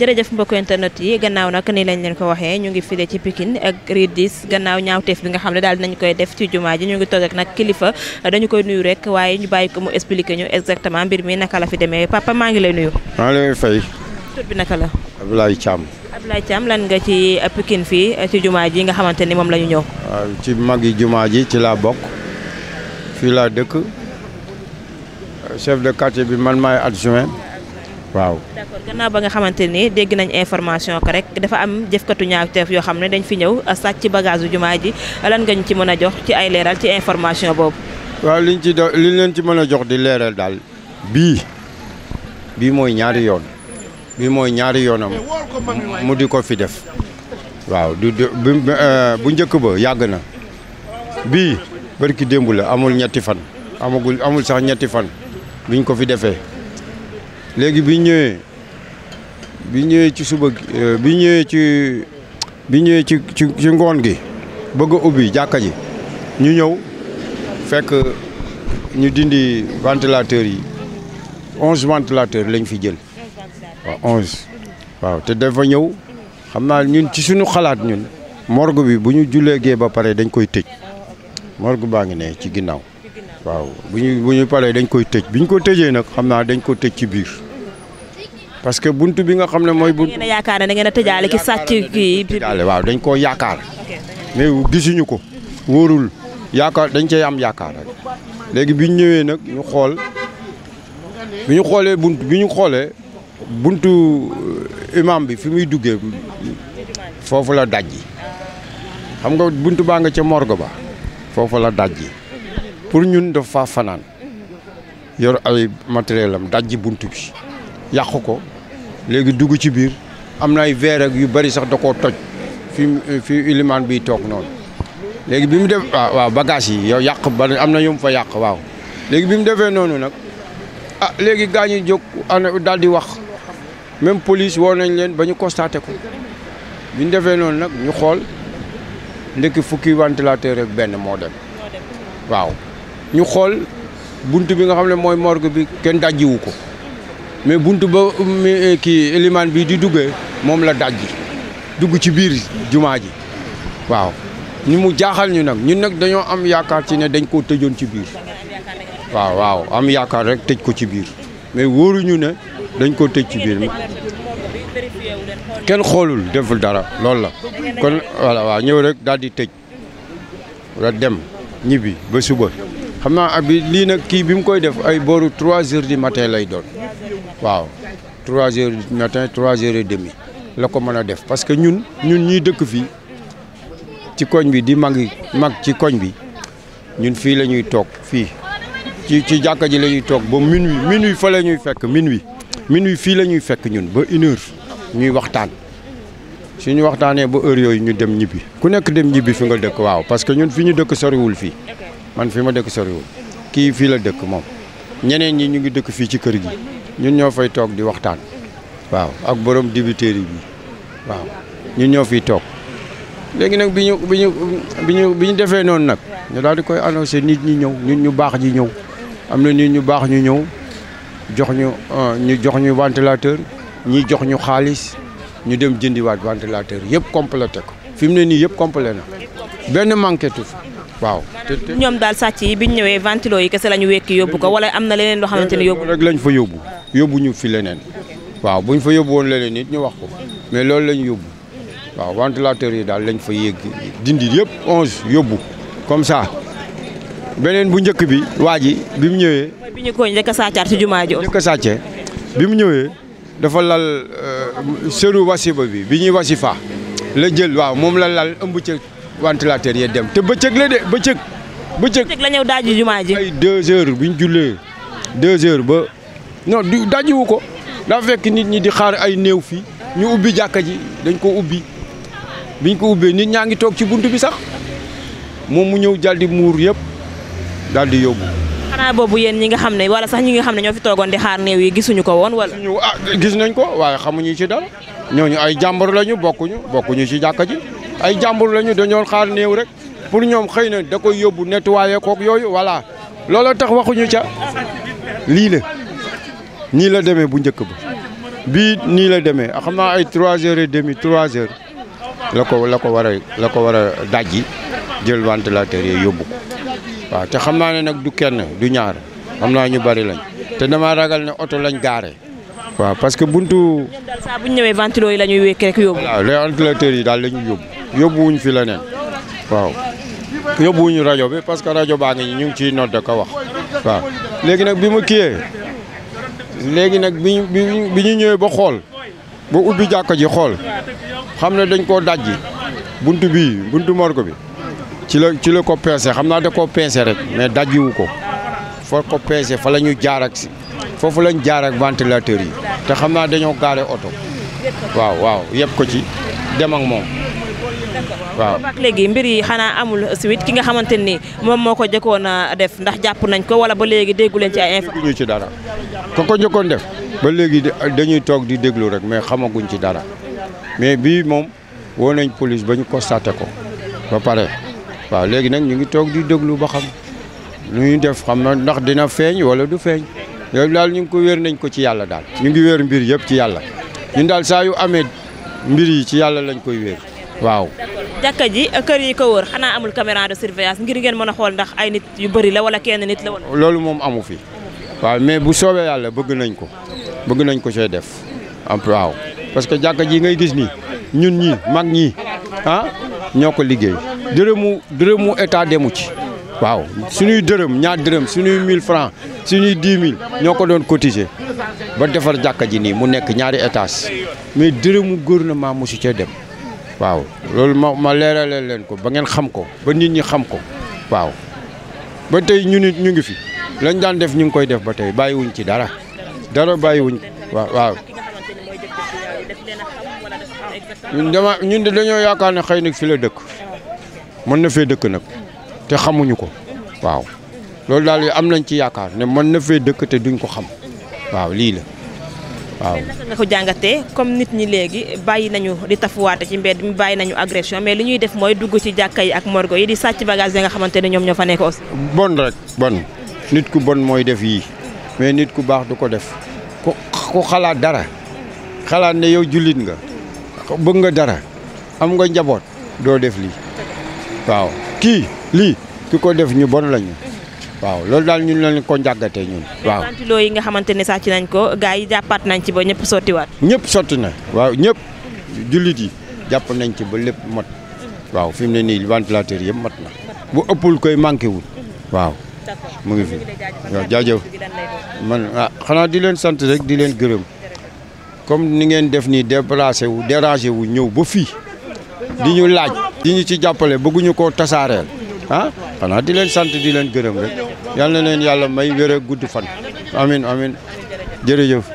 jërëjëf mbokk internet yi gannaaw nag ni lañ leen ko waxee ñu ngi file ci Pikine ak ridis gannaaw ñaawteef bi nga xam ne daal dinañ koy def ci jumaa ji ñu ngi toog nag kilifa dañu koy nuyu rek waaye ñu bàyyi ko mu expliquer ñu exactement mbir mi naka la demee papa maa ngi lay nuyu. maa ngi lay fay. tur bi naka la. Abdoulaye Thiam. Abdoulaye lan nga ci Pikine fii ci jumaa ji nga xamante ni moom la ñu ñëw. waaw ci mag yi jumaa ji ci laa bokk fii laa dëkk chef de quartier bi man maay adjoint. waaw d'accord gannaaw ba nga xamante ni dégg nañ information ko rek dafa am jëfkatu ñaawteef yoo xam ne dañ fi ñëw sàcc bagage u jumaa ji lan nga ñu ci mën a jox ci ay leeral ci information boobu. waaw liñ ci do leen ci mën a jox di leeral daal. bii bii mooy ñaari yoon. bii mooy ñaari yoonam mu di ko fi def. waaw du euh, bu njëkk ba yàgg na. bii barki démb amul ñetti fan. amagul amul sax ñetti fan biñ ko fi defee. léegi bi ñëwee bi ñëwee ci suba euh, bi ñëwee ci bi ñëwee ci ci ngoon gi bëgg a ubbi jàkka ji ñu ñëw fekk ñu dindi ventilateur yi onze ventilateur lañ fi jël waaw onze waaw te defa ñëw xam naa ñun ci sunu xalaat ñun morgue bi bu ñu jullee gee ba pare dañ koy tëj morgue baa ngi ne ci ginnaaw waaw bu ñu bu ñu paree dañ koy tëj bi ñu ko tëjee nag xam naa dañ ko tëj ci biir parce que bunt bi nga xam ne mooy. buntu yaakaar ne da ngeen a tëjaale ki sàcc kii. tëjaale waaw dañ koo yaakaar mais gisuñu ko wóorul yaakaar dañ cee am yaakaar léegi bi ñu ñëwee nag ñu xool bi ñu xoolee bunt bi ñu xoolee bunt euh, imam bi fi muy duggee foofu la dajji xam nga bunt baa nga ca morgue ba foofu la dajji. pour ñun dafa fanaan yor ay matériel am dajji bunt bi yàq ko léegi dugg ci biir am na ay verre ak yu bari sax da koo toj fi eh, fi ilimaan bi toog noonu léegi bi mu def ah, waaw waaw yi yow yàq ba am na yom fa yàq waaw léegi bi mu defee noonu nag ah léegi gaa ñi jóg daal di wax même police woo nañ leen ba ñu constaté ko bi ñu defee noonu nag ñu xool ndekki fukki ventilateur ak benn moo dem waaw ñu xool buntu bi nga xam ne mooy morgue bi kenn dajjiwu ko mais buntu ba eh, kii limaan bi di duggee moom la dajji dugg ci biir jumaa ji waaw ñu mu jaaxal ñu nag ñun nag dañoo am yaakaar ci ne dañ koo tëjoon ci biir waaw waaw am yaakaar rek tëj ko ci biir mais wóoruñu ne dañ koo tëj ci biir kenn xoolul deful dara loolu la kon walla waaw ñëw rek daal di tëj ra dem ñibbi ba suba xam naa ak bi lii nag kii bi mu koy def ay booru trois heures di matin lay doon waaw trois heures du matin trois heures et la ko mën a def parce que ñun ñun ñuy dëkk fii ci koñ bi di mag mag ci koñ bi ñun fii la ñuy toog fii ci ci jàkka ji la ñuy toog ba minuit minuit fa la ñuy fekk minuit minuit fii la ñuy fekk ñun ba une ñuy waxtaan suñu waxtaanee ba heure yooyu ñu dem ñibbi ku nekk dem ñibbi fi nga dëkk waaw parce que ñun fi ñu dëkk soriwul fii man fi ma dëkk soriwul kii fii la dëkk moom ñeneen ñi ñu ngi dëkk fii ci kër gi ñun ñoo fay toog di waxtaan waaw ak borom dibiteri bi waaw ñu ñoo fiy toog léegi nag bi ñu bi ñu bi defee noonu nag ñu daal di koy annoncé nit ñi ñëw nit ñu baax ñi ñëw am na nit ñu baax ñu ñëw jox ñu euh, ñu jox ñu ventilateur ñi jox ñu xaalis ñu dem jëndiwaat ventilateur yëpp complété ko fi mu ne nii yëpp complété na benn manqué tu waaw. ñoom daal sàcc yi bi ñu ñëwee ventilo yi kese la ñu wekki yóbbu ko wala am na leneen loo xamante ne yóbbu. rek lañ fa yóbbu yóbbu ñu fi leneen waaw buñ fa yóbbu woon leneen nit ñu wax ko mais loolu lañ yóbbu waaw ventilateur yi daal lañu fa yéeg dindi yëpp onze yóbbu comme ça beneen bu njëkk bi waa ji bi mu ñëwee. bi ñu ko njëkk a sàccaat ci jumaa ji. njëkk a sàccee bi mu ñëwee dafa lal euh, sëru wasiba bi bi ñuy wasifaa la jël waaw moom la lal ëmb ventilateur yee dem te bëccëg la de bëccëg. bëccëg la ñëw daaju jumaa ji. ay deux heures bu ñu jullee deux heures ba non du ko daa fekk nit ñi di xaar ay néew fii ñu ubbi jàkka ji dañ ko ubbi biñ ko ubbee nit ñaa ngi toog ci bunt bi sax moom mu ñëw jaldi di muur yëpp daal di yóbbu. xanaa boobu yéen ñi nga xam ne walla sax ñi nga xam ne ñoo fi toogoon di xaar néew yi gisuñu ko woon wala. gisuñu ah gis nañ ko waaye xamuñu ci dara ñooñu ay jàmbar lañu bokkuñu bokkuñu ci jàkka ji. ay jàmbur lañu dañoo xaar néew rek pour ñoom xëy na da koy yóbbu nettoyé kook yooyu voilà looloo tax waxuñu ca lii la nii la demee bu njëkk ba bii nii la demee xam naa ay trois heures et demi trois heures la ko la ko war la ko war a dajji jël ventilateur yi yóbbu waaw te xam naa ne nag du kenn du ñaar xam naa ñu bari lañ te dama ragal ne oto lañ gaare waaw parce que buntu. bu ñu ñëwee ventilo yi la ñuy wékk rek yóbbu. waaw les ventilateurs yi daal la ñuy yóbbu. yóbbuwuñ fi leneen waaw yóbbuwuñu rajo bi parce que rajo baa ngi ñu ngi ciy nodd ko wax waaw léegi nag bi ma kiyee léegi nag bi bi ñu ñëwee ba xool ba ubbi jàkka ji xool xam ne dañ koo dajji bunt bii buntu morgue bi ci la ci la ko peese xam naa da koo peese rek mais dajjiwu ko foo ko peese fa la ñu jaar ak si foofu lañ jaar ak ventilateur yi te xam naa dañoo gaare oto waaw waaw yëpp ko ci dem ak moom waaw léegi mbir yi xanaa amul suite ki nga xamante ni moom moo ko jëkkoon a def ndax jàpp nañ ko wala ba léegi déggu leen ci ay info ñu ci dara ko ko njëkkoon def ba léegi dañuy toog di déglu rek mais xamaguñ ci dara mais bii moom woo nañ police ba ñu constaté ko ba pare waaw léegi nag ñu ngi toog di déglu ba xam lu ñu def xam na ndax dina feeñ wala du feeñ yooyu daal ñu ngi ko wéer nañ ko ci yàlla daal ñu ngi wéer mbir yëpp ci yàlla ñu daal saa yu amee mbir yi ci yàlla lañ koy wéer jàkka ji kër yi ko wër xanaa amul caméra de surveillance ngir ngeen mën a xool ndax ay nit yu bëri la wala kenn nit la woon. loolu moom amu fi waaw mais bu soobee yàlla bëgg nañ ko bëgg nañ ko see def am ah, waaw parce que jàkka ji ngay gis nii ñun ñii mag ñii ah ñoo ko liggéey dërëmu dërëmu état demu ci waaw suñuy dërëm ñaar dërëm suñuy 1000 francs suñuy 10 000 ñoo ko doon cotiser ba defar jàkka ji nii mu nekk ñaari étage mais dërëmu gouvernement mosu cee dem. waaw loolu ma ma leeralal leen ko ba ngeen xam ko ba nit ñi xam ko waaw ba tey ñu nit ñu ngi fi lañ daan def ñu ngi koy def ba tey bàyyiwuñ ci dara dara bàyyiwuñ waaw waaw ñun dama ñun dañoo yaakaar ne xëy na fi la dëkk mën na fee dëkk nag te xamuñu ko waaw loolu daal am nañ ci yaakaar ne mën na fee dëkk te duñ ko xam waaw lii la waaw naka nga ko jàngatee comme nit ñi léegi bàyyi nañu di tafuwaate ci mbedd mi bàyyi nañu agression mais li ñuy def mooy dugg ci jàkka yi ak morgo yi di sàcc bagage yi nga xamante ne ñoom ñoo fa nekk aussi. bon rek bon nit ku bon mooy def yii mais nit ku baax du ko def ku ku xalaat dara xalaat ne yow jullit nga bëgg nga dara am nga njaboot doo def lii waaw kii lii ki ko def ñu bon lañu. waaw loolu daal ñun lañ ko njàggatee ñun. waaw ventilo yi nga xamante ne sàcc nañ ko gars yi jàppaat nañ ci ba ñëpp sottiwaat. ñëpp sotti na waaw ñëpp jullit yi jàpp nañ ci ba lépp mot waaw fi mu ne nii ventilateur yëpp mat na bu ëppul koy manqué wul waaw. mu ngi fi waaw jaajëf man ah xanaa di leen sant rek di leen gërëm comme ni ngeen def nii déplacé wu dérangé wu ñëw ba fii di ñu laaj. di ñu ci jàppale bëgguñu ko tasaareel ah xanaa di leen sant di leen gërëm rek. yal na leen yàlla may wér a gudd fan amin amin jërëjëf